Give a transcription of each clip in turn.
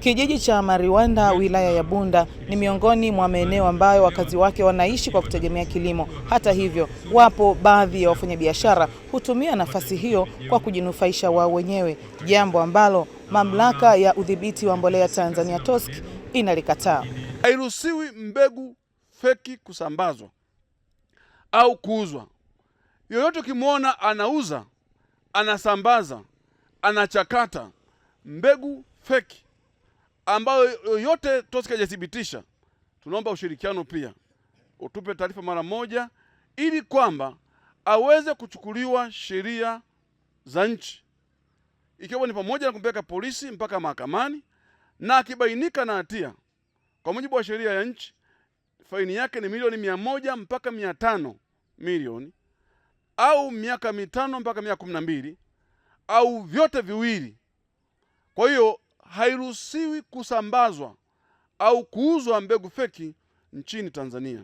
Kijiji cha Mariwanda wilaya ya Bunda ni miongoni mwa maeneo ambayo wakazi wake wanaishi kwa kutegemea kilimo. Hata hivyo, wapo baadhi ya wafanyabiashara hutumia nafasi hiyo kwa kujinufaisha wao wenyewe, jambo ambalo mamlaka ya udhibiti wa mbolea Tanzania TOSC inalikataa. Hairuhusiwi mbegu feki kusambazwa au kuuzwa. Yoyote ukimwona anauza, anasambaza, anachakata mbegu feki ambayo yote tusikajathibitisha, tunaomba ushirikiano pia, utupe taarifa mara moja, ili kwamba aweze kuchukuliwa sheria za nchi, ikiwa ni pamoja na kumpeleka polisi mpaka mahakamani, na akibainika na hatia kwa mujibu wa sheria ya nchi, faini yake ni milioni mia moja mpaka mia tano milioni au miaka mitano mpaka miaka kumi na mbili au vyote viwili. Kwa hiyo hairuhusiwi kusambazwa au kuuzwa mbegu feki nchini Tanzania.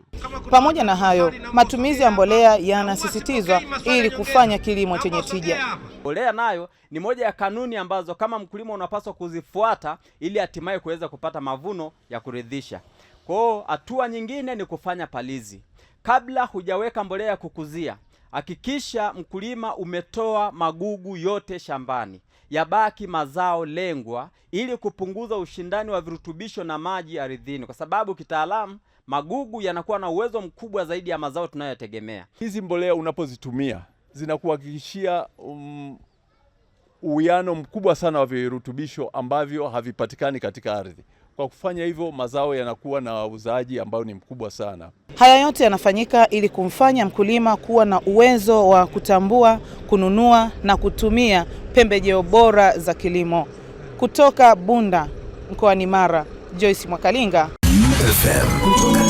Pamoja na hayo, matumizi ya mbolea yanasisitizwa ili kufanya kilimo chenye tija. Mbolea nayo ni moja ya kanuni ambazo kama mkulima unapaswa kuzifuata ili hatimaye kuweza kupata mavuno ya kuridhisha. kwao hatua nyingine ni kufanya palizi kabla hujaweka mbolea ya kukuzia. Hakikisha mkulima umetoa magugu yote shambani, yabaki mazao lengwa, ili kupunguza ushindani wa virutubisho na maji ardhini, kwa sababu kitaalamu magugu yanakuwa na uwezo mkubwa zaidi ya mazao tunayotegemea. Hizi mbolea unapozitumia zinakuhakikishia um, uwiano mkubwa sana wa virutubisho ambavyo havipatikani katika ardhi. Kwa kufanya hivyo, mazao yanakuwa na uzaaji ambao ni mkubwa sana. Haya yote yanafanyika ili kumfanya mkulima kuwa na uwezo wa kutambua, kununua na kutumia pembejeo bora za kilimo. Kutoka Bunda mkoani Mara, Joyce Mwakalinga FM.